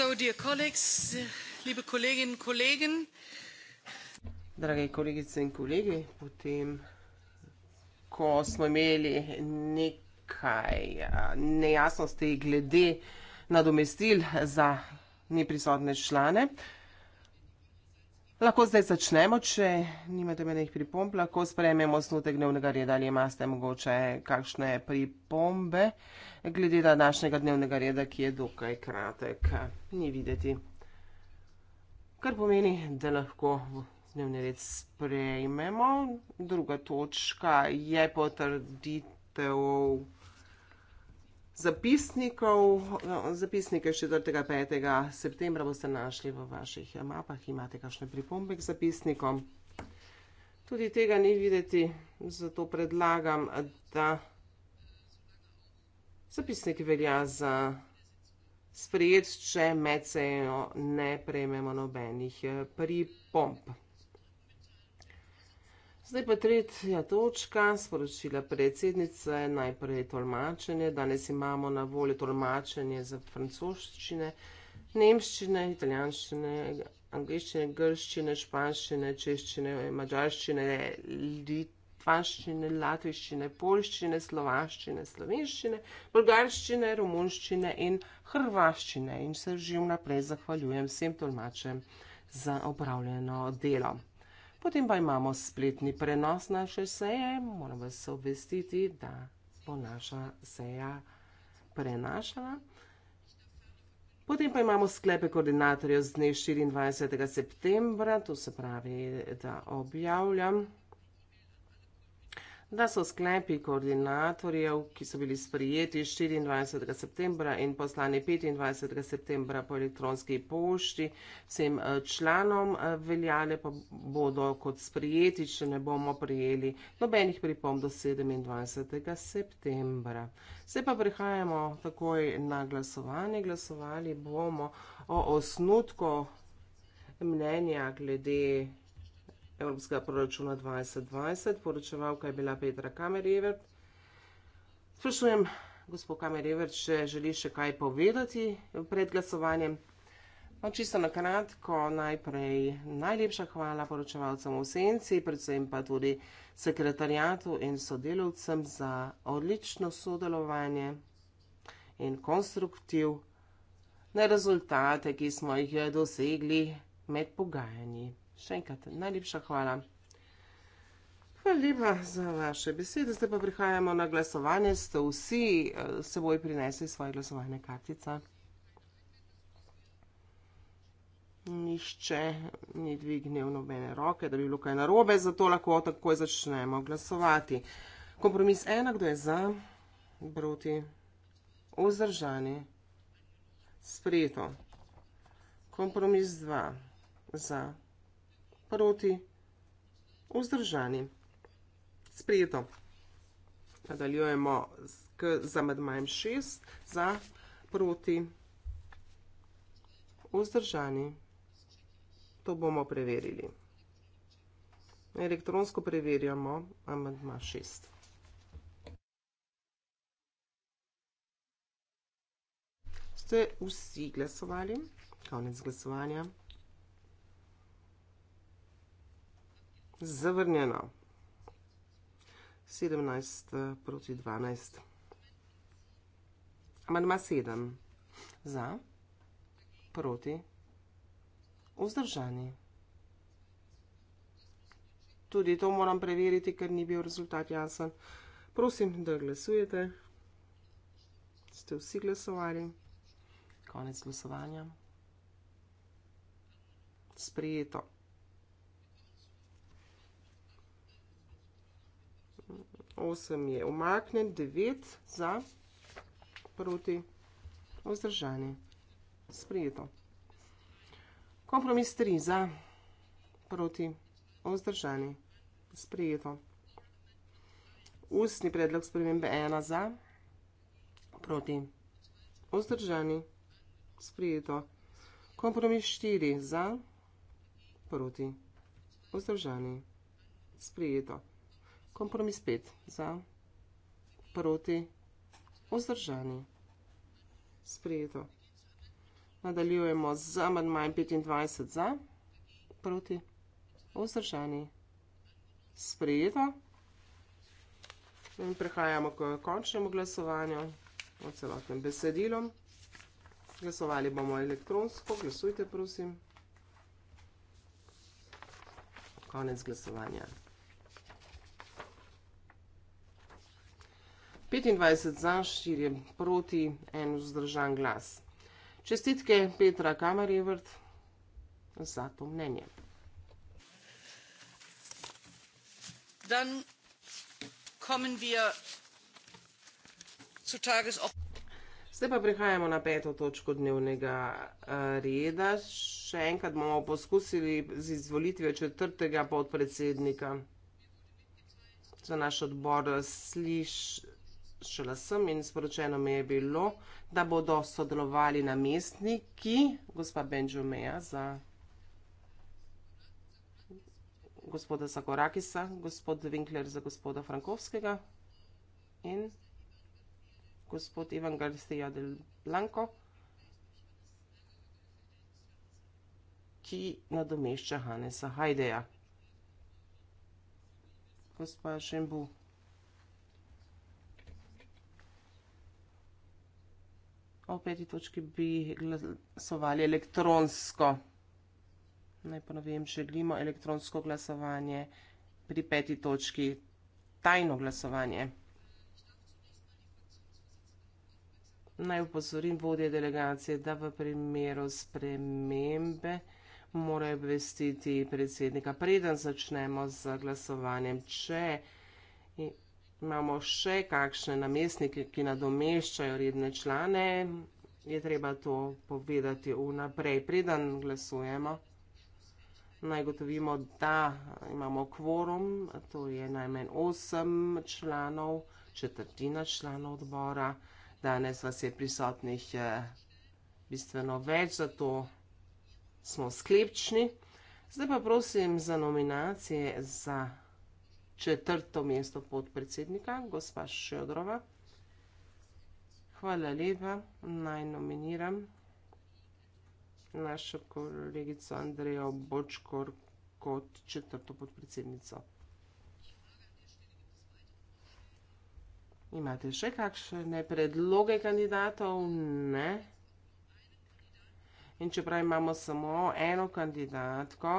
So, dear colleagues, liebe Kolleginnen und Kollegen. Drage kolegice in kolegi, potem, ko smo imeli nekaj eh, nejasnosti glede nadomestil za neprisotne člane, Lahko zdaj začnemo, če nimate menih pripomb, lahko sprejmemo snutek dnevnega reda ali imate mogoče kakšne pripombe glede današnjega dnevnega reda, ki je dokaj kratek, ni videti. Kar pomeni, da lahko dnevni red sprejmemo. Druga točka je potrditev zapisnikov, no, zapisnike 4. in 5. septembra boste našli v vaših mapah, imate kakšne pripombe k zapisnikom. Tudi tega ni videti, zato predlagam, da zapisnik velja za sprejet, če med sejo ne prejmemo nobenih pripomb. Zdaj pa tretja točka, sporočila predsednice, najprej tolmačenje. Danes imamo na voljo tolmačenje za francoščine, nemščine, italijanščine, angliščine, grščine, španščine, češčine, mađarščine, litvanščine, latviščine, polščine, slovaščine, slovenščine, bolgarščine, romunščine in hrvaščine. In se že vnaprej zahvaljujem vsem tolmačem za opravljeno delo. Potem pa imamo spletni prenos naše seje. Moram vas obvestiti, da bo naša seja prenašana. Potem pa imamo sklepe koordinatorjev z dne 24. septembra, to se pravi, da objavljam da so sklepi koordinatorjev, ki so bili sprijeti 24. septembra in poslani 25. septembra po elektronski pošti, vsem eh, članom eh, veljale pa bodo kot sprijeti, če ne bomo prijeli nobenih pripomb do 27. septembra. Zdaj pa prehajamo takoj na glasovanje. Glasovali bomo o osnutku mnenja glede Evropskega proračuna 2020. Poročevalka je bila Petra Kamerjever. Sprašujem, gospod Kamerjever, če želi še kaj povedati pred glasovanjem. No, čisto na kratko, najprej najlepša hvala poročevalcem v senci, predvsem pa tudi sekretarjatu in sodelovcem za odlično sodelovanje in konstruktivne rezultate, ki smo jih dosegli med pogajanji še enkrat najlepša hvala. Hvala lepa za vaše besede. Zdaj pa prihajamo na glasovanje. Ste vsi eh, seboj prinesli svoje glasovanje kartica? Nišče ni dvignil nobene roke, da bi bilo kaj narobe, zato lahko takoj začnemo glasovati. Kompromis ena, kdo je za, proti, vzdržani, sprejeto. Kompromis dva, za, proti proti, vzdržani. Sprejeto. Nadaljujemo z amedmajem 6, za, proti, vzdržani. To bomo preverili. Elektronsko preverjamo amedma 6. Ste vsi glasovali? Konec glasovanja. Zavrnjeno. 17 eh, proti 12. Amandma 7. Za, proti, vzdržani. Tudi to moram preveriti, ker ni bil rezultat jasen. Prosim, da glasujete. Ste vsi glasovali. Konec glasovanja. Sprijeto. 8 je omaknen, 9 za, proti, vzdržani. Sprijeto. Kompromis 3 za, proti, vzdržani. Sprijeto. Ustni predlog spremembe 1 za, proti, vzdržani. Sprijeto. Kompromis 4 za, proti, vzdržani. Sprijeto. Sprijeto kompromis 5 za, proti, vzdržani. Sprejeto. Nadaljujemo z amandmajem 25 za, proti, vzdržani. Sprejeto. In prehajamo k končnemu glasovanju o celotnem besedilu. Glasovali bomo elektronsko, glasujte prosim. Konec glasovanja. 25 za, 4 proti, 1 vzdržan glas. Čestitke Petra Kamarjevrt za to mnenje. Zdaj pa prihajamo na peto točko dnevnega eh, reda. Še enkrat bomo poskusili z izvolitvijo četrtega podpredsednika za naš odbor. Sliš, šla sem in sporočeno mi je bilo, da bodo sodelovali namestniki, gospa Benjumeja za gospoda Sakorakisa, gospod Winkler za gospoda Frankovskega in gospod Ivan Garcia del Blanco, ki nadomešča Hanesa Hajdeja. Gospa Šembu. o peti točki bi glasovali elektronsko. Naj ponovim, želimo elektronsko glasovanje pri peti točki, tajno glasovanje. Naj upozorim vodje delegacije, da v primeru spremembe morajo obvestiti predsednika, preden začnemo z glasovanjem. Če imamo še kakšne namestnike, ki nadomeščajo redne člane, je treba to povedati vnaprej, preden glasujemo. Naj gotovimo, da imamo kvorum, to je najmen 8 članov, četrtina članov odbora. Danes vas je prisotnih eh, bistveno več, zato smo sklepčni. Zdaj pa prosim za nominacije za odbora četrto mesto podpredsednika, gospa Šedrova. Hvala lepa, naj nominiram našo kolegico Andrejo Bočkor kot četrto podpredsednico. Imate še kakšne predloge kandidatov? Ne. In čeprav imamo samo eno kandidatko,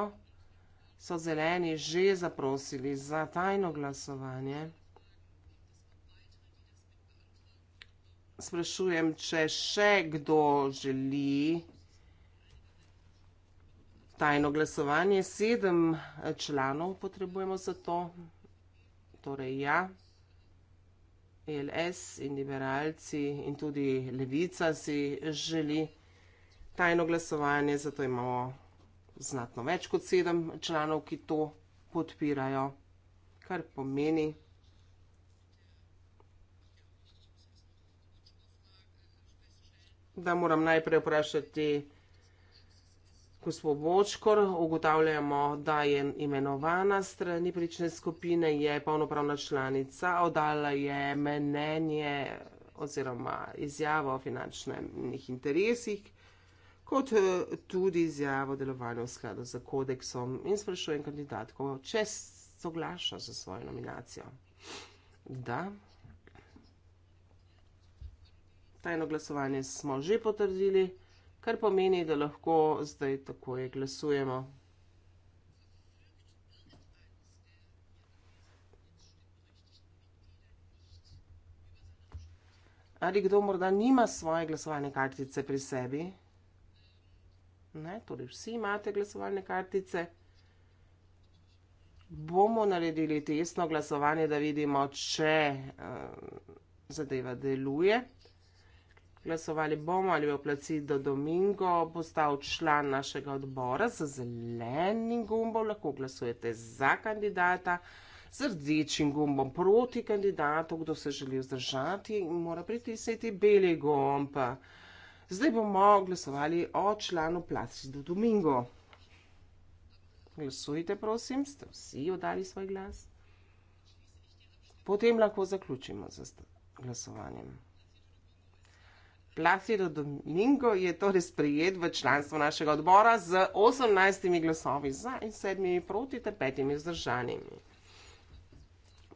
so zeleni že zaprosili za tajno glasovanje. Sprašujem, če še kdo želi tajno glasovanje. Sedem eh, članov potrebujemo za to. Torej ja, ELS in liberalci in tudi levica si želi tajno glasovanje, zato imamo znatno več kot sedem članov, ki to podpirajo, kar pomeni, da moram najprej vprašati gospod Bočkor, ugotavljamo, da je imenovana strani prične skupine, je polnopravna članica, oddala je menenje oziroma izjavo o finančnih interesih kot eh, tudi izjavo delovanja v skladu z kodeksom in sprašujem kandidatko, če soglaša za svojo nominacijo. Da. Tajno glasovanje smo že potrdili, kar pomeni, da lahko zdaj takoj glasujemo. Ali kdo morda nima svoje glasovalne kartice pri sebi? ne, torej vsi imate glasovalne kartice, bomo naredili testno glasovanje, da vidimo, če uh, zadeva deluje. Glasovali bomo ali bo Placido Domingo postal član našega odbora z zelenim gumbom, lahko glasujete za kandidata, z rdečim gumbom proti kandidatu, kdo se želi vzdržati in mora pritisniti beli gumb. Zdaj bomo glasovali o članu Placido Domingo. Glasujte, prosim, ste vsi oddali svoj glas. Potem lahko zaključimo z glasovanjem. Placido Domingo je torej sprejet v članstvo našega odbora z 18 glasovi za in 7 proti ter 5 zdržanimi.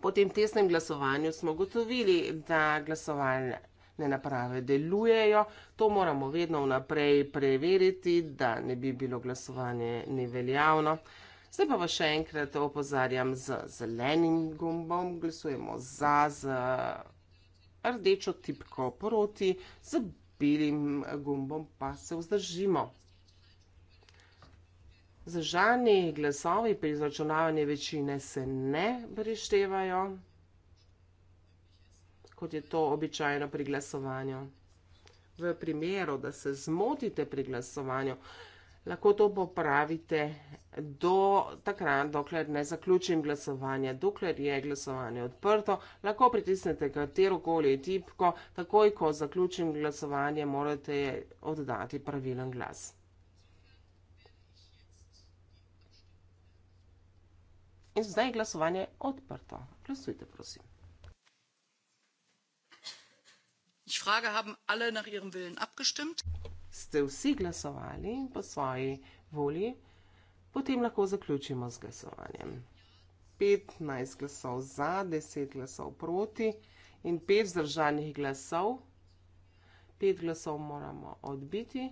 Po tem tesnem glasovanju smo gotovili, da glasovanje ne naprave delujejo. To moramo vedno vnaprej preveriti, da ne bi bilo glasovanje neveljavno. Zdaj pa vas še enkrat opozarjam z zelenim gumbom, glasujemo za, z rdečo tipko proti, z belim gumbom pa se vzdržimo. Zažani glasovi pri izračunavanju večine se ne prištevajo kot je to običajno pri glasovanju. V primeru, da se zmotite pri glasovanju, lahko to popravite do takrat, dokler ne zaključim glasovanje. Dokler je glasovanje odprto, lahko pritisnete katero koli tipko, takoj ko zaključim glasovanje, morate oddati pravilen glas. In zdaj je glasovanje odprto. Glasujte, prosim. Ich frage, haben alle nach ihrem Willen abgestimmt? Ste vsi glasovali po svoji volji? Potem lahko zaključimo z glasovanjem. 15 glasov za, 10 glasov proti in 5 zdržanih glasov. 5 glasov moramo odbiti.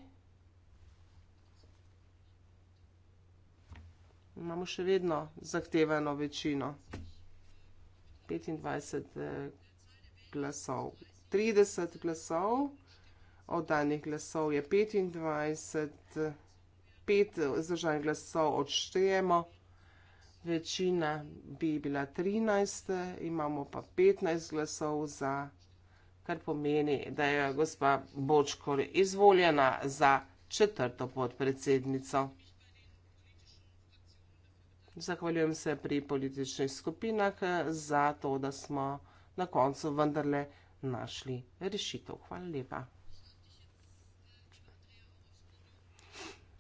Imamo še vedno zahtevano večino. 25 eh, glasov 30 glasov, oddanih glasov je 25, 5 zdržanih glasov odštejemo, večina bi bila 13, imamo pa 15 glasov za, kar pomeni, da je gospa Bočkor izvoljena za četrto podpredsednico. Zahvaljujem se pri političnih skupinah eh, za to, da smo na koncu vendarle izvoljeni našli rešitev. Hvala lepa.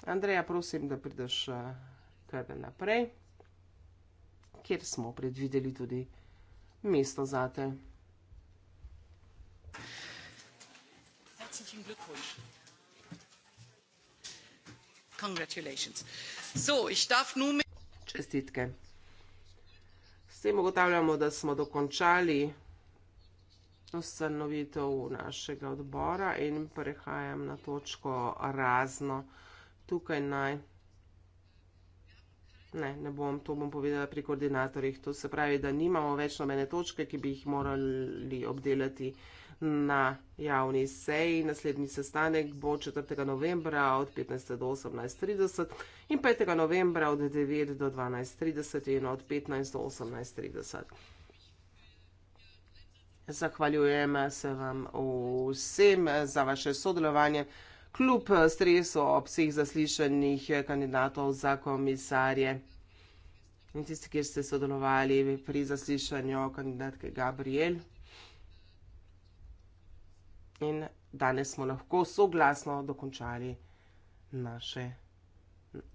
Andreja, prosim, da prideš eh, kar naprej, kjer smo predvideli tudi mesto za te. Čestitke. S tem ugotavljamo, da smo dokončali ustanovitev našega odbora in prehajam na točko razno. Tukaj naj, ne, ne bom, to bom povedala pri koordinatorjih, to se pravi, da nimamo več nobene točke, ki bi jih morali obdelati na javni seji. Naslednji sestanek bo 4. novembra od 15. do 18.30 in 5. novembra od 9. do 12.30 in od 15. do 18.30. Zahvaljujem se vam vsem za vaše sodelovanje. Kljub stresu ob vseh zaslišanjih kandidatov za komisarje in tisti, ki ste sodelovali pri zaslišanju kandidatke Gabriel. In danes smo lahko soglasno dokončali naše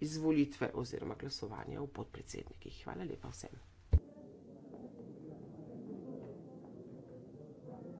izvolitve oziroma glasovanje v podpredsednikih. Hvala lepa vsem.